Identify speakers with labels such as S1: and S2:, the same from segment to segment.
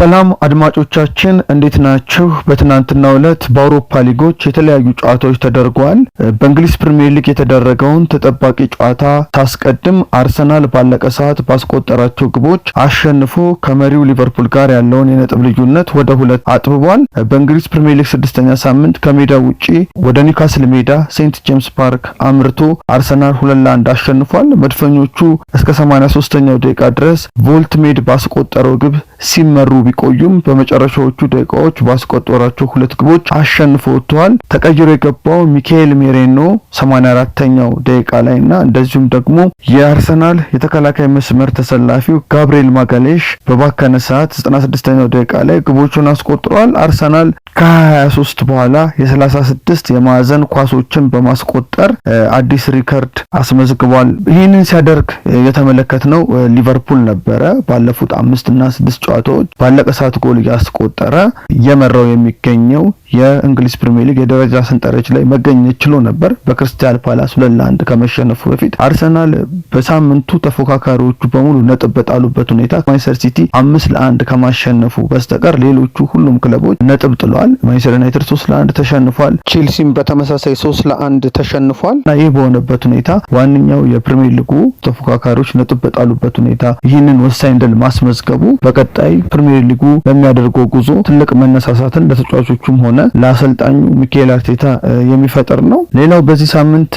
S1: ሰላም አድማጮቻችን እንዴት ናችሁ? በትናንትናው ዕለት በአውሮፓ ሊጎች የተለያዩ ጨዋታዎች ተደርገዋል። በእንግሊዝ ፕሪምየር ሊግ የተደረገውን ተጠባቂ ጨዋታ ታስቀድም አርሰናል ባለቀ ሰዓት ባስቆጠራቸው ግቦች አሸንፎ ከመሪው ሊቨርፑል ጋር ያለውን የነጥብ ልዩነት ወደ ሁለት አጥብቧል። በእንግሊዝ ፕሪምየር ሊግ ስድስተኛ ሳምንት ከሜዳ ውጪ ወደ ኒውካስል ሜዳ ሴንት ጄምስ ፓርክ አምርቶ አርሰናል ሁለት ለአንድ አሸንፏል። መድፈኞቹ እስከ 83ኛው ደቂቃ ድረስ ቮልት ሜድ ባስቆጠረው ግብ ሲመሩ ቢቆዩም በመጨረሻዎቹ ደቂቃዎች ባስቆጠሯቸው ሁለት ግቦች አሸንፎ ወጥተዋል። ተቀይሮ የገባው ሚካኤል ሜሬኖ 84ተኛው ደቂቃ ላይ እና እንደዚሁም ደግሞ የአርሰናል የተከላካይ መስመር ተሰላፊው ጋብሪኤል ማጋሌሽ በባከነ ሰዓት 96ኛው ደቂቃ ላይ ግቦቹን አስቆጥረዋል። አርሰናል ከ23 በኋላ የ36 የማዕዘን ኳሶችን በማስቆጠር አዲስ ሪከርድ አስመዝግቧል። ይህንን ሲያደርግ የተመለከት ነው ሊቨርፑል ነበረ ባለፉት አምስት እና ስድስት ጨዋታዎች በታላቅ ሰዓት ጎል እያስቆጠረ እየመራው የሚገኘው የእንግሊዝ ፕሪሚየር ሊግ የደረጃ ሰንጠረዥ ላይ መገኘት ችሎ ነበር። በክርስቲያል ፓላስ ሁለት ለአንድ ከመሸነፉ በፊት አርሰናል በሳምንቱ ተፎካካሪዎቹ በሙሉ ነጥብ በጣሉበት ሁኔታ ማንቸስተር ሲቲ አምስት ለአንድ ከማሸነፉ በስተቀር ሌሎቹ ሁሉም ክለቦች ነጥብ ጥለዋል። ማንቸስተር ዩናይትድ ሶስት ለአንድ ተሸንፏል። ቼልሲም በተመሳሳይ ሶስት ለአንድ ተሸንፏል እና ይህ በሆነበት ሁኔታ ዋነኛው የፕሪሚየር ሊጉ ተፎካካሪዎች ነጥብ በጣሉበት ሁኔታ ይህንን ወሳኝ ድል ማስመዝገቡ በቀጣይ ፕሪሚየር ሊጉ ለሚያደርገው ጉዞ ትልቅ መነሳሳትን ለተጫዋቾቹም ሆነ የሆነ ለአሰልጣኙ ሚካኤል አርቴታ የሚፈጥር ነው። ሌላው በዚህ ሳምንት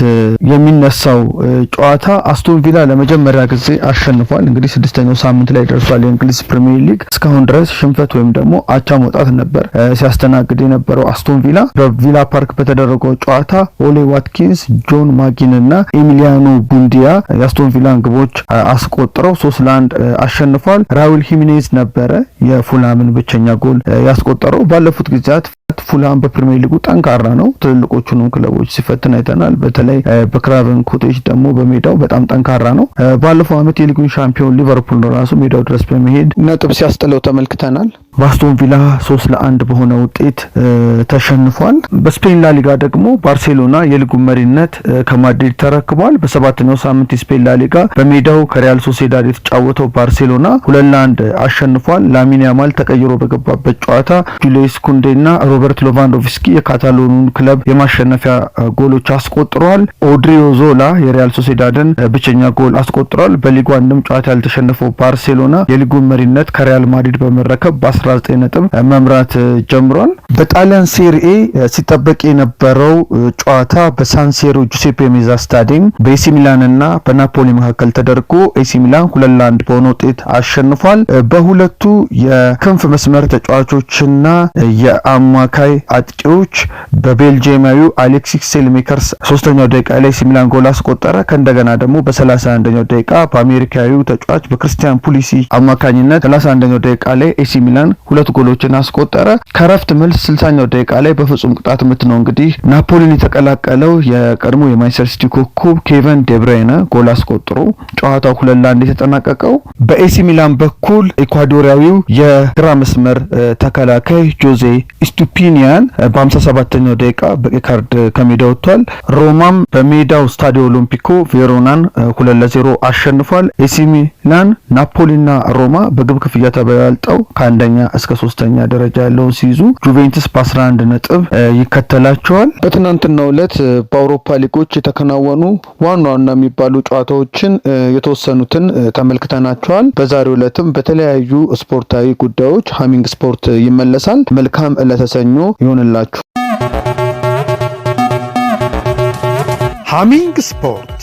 S1: የሚነሳው ጨዋታ አስቶን ቪላ ለመጀመሪያ ጊዜ አሸንፏል። እንግዲህ ስድስተኛው ሳምንት ላይ ደርሷል። የእንግሊዝ ፕሪሚየር ሊግ እስካሁን ድረስ ሽንፈት ወይም ደግሞ አቻ መውጣት ነበር ሲያስተናግድ የነበረው አስቶን ቪላ። በቪላ ፓርክ በተደረገው ጨዋታ ኦሌ ዋትኪንስ፣ ጆን ማጊን እና ኤሚሊያኖ ቡንዲያ የአስቶን ቪላን ግቦች አስቆጥረው ሶስት ለአንድ አሸንፏል። ራውል ሂሚኔዝ ነበረ የፉላምን ብቸኛ ጎል ያስቆጠረው ባለፉት ጊዜያት አመታት ፉላም በፕሪሚየር ሊጉ ጠንካራ ነው። ትልልቆቹንም ክለቦች ሲፈትን አይተናል። በተለይ በክራቨን ኮቴጅ ደግሞ በሜዳው በጣም ጠንካራ ነው። ባለፈው አመት የሊጉን ሻምፒዮን ሊቨርፑል ነው ራሱ ሜዳው ድረስ በመሄድ ነጥብ ሲያስጥለው ተመልክተናል። በአስቶን ቪላ ሶስት ለአንድ በሆነ ውጤት ተሸንፏል። በስፔን ላሊጋ ደግሞ ባርሴሎና የሊጉ መሪነት ከማድሪድ ተረክቧል። በሰባተኛው ሳምንት የስፔን ላሊጋ በሜዳው ከሪያል ሶሴዳድ የተጫወተው ባርሴሎና ሁለት ለአንድ አሸንፏል። ላሚን ያማል ተቀይሮ በገባበት ጨዋታ ጁሌስ ኩንዴና ሮ ሮበርት ሎቫንዶቭስኪ የካታሎኑን ክለብ የማሸነፊያ ጎሎች አስቆጥሯል። ኦድሪዮ ዞላ የሪያል ሶሴዳድን ብቸኛ ጎል አስቆጥሯል። በሊጉ አንድም ጨዋታ ያልተሸነፈው ባርሴሎና የሊጉን መሪነት ከሪያል ማድሪድ በመረከብ በ19 ነጥብ መምራት ጀምሯል። በጣሊያን ሴሪኤ ሲጠበቅ የነበረው ጨዋታ በሳንሴሮ ጁሴፔ ሜዛ ስታዲየም በኤሲ ሚላንና በናፖሊ መካከል ተደርጎ ኤሲ ሚላን ሁለት ለአንድ በሆነ ውጤት አሸንፏል። በሁለቱ የክንፍ መስመር ተጫዋቾችና የአማ አማካይ አጥቂዎች በቤልጂየማዊው አሌክሲስ ሴልሜከርስ ሶስተኛው ደቂቃ ላይ ሲሚላን ጎል አስቆጠረ። ከእንደገና ደግሞ በሰላሳ አንደኛው ደቂቃ በአሜሪካዊ ተጫዋች በክርስቲያን ፑሊሲ አማካኝነት ሰላሳ አንደኛው ደቂቃ ላይ ኤሲ ሚላን ሁለት ጎሎችን አስቆጠረ። ከረፍት መልስ ስልሳኛው ደቂቃ ላይ በፍጹም ቅጣት ምት ነው እንግዲህ ናፖሊን የተቀላቀለው የቀድሞ የማንቸስተር ሲቲ ኮከብ ኬቨን ዴብሬይነ ጎል አስቆጥሮ ጨዋታው ሁለት ለአንድ የተጠናቀቀው። በኤሲ ሚላን በኩል ኢኳዶሪያዊው የግራ መስመር ተከላካይ ጆዜ ኢስቱ ኦፒኒያን በ57ኛው ደቂቃ በቀይ ካርድ ከሜዳ ወጥቷል። ሮማም በሜዳው ስታዲዮ ኦሎምፒኮ ቬሮናን ሁለት ለዜሮ አሸንፏል። ኤሲሚ ናን ናፖሊና ሮማ በግብ ክፍያ ተበላልጠው ከአንደኛ እስከ ሶስተኛ ደረጃ ያለውን ሲይዙ ጁቬንትስ በ11 ነጥብ ይከተላቸዋል። በትናንትናው ዕለት በአውሮፓ ሊጎች የተከናወኑ ዋና ዋና የሚባሉ ጨዋታዎችን የተወሰኑትን ተመልክተናቸዋል። በዛሬው ዕለትም በተለያዩ ስፖርታዊ ጉዳዮች ሀሚንግ ስፖርት ይመለሳል። መልካም ዕለተ ሰኞ ይሆንላችሁ።
S2: ሀሚንግ ስፖርት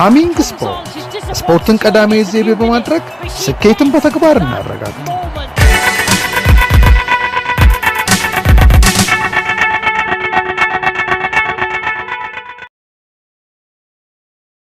S2: ሃሚንግ ስፖርት ስፖርትን ቀዳሚ ዜቤ በማድረግ ስኬትን በተግባር እናረጋግጥ።